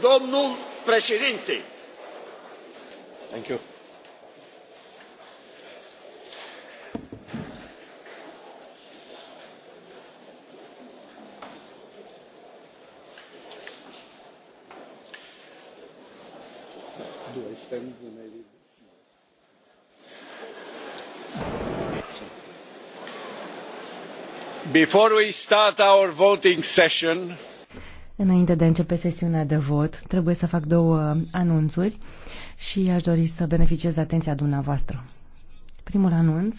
domnul președinte. Before we start our voting session, Înainte de a începe sesiunea de vot, trebuie să fac două anunțuri și aș dori să beneficiez de atenția dumneavoastră. Primul anunț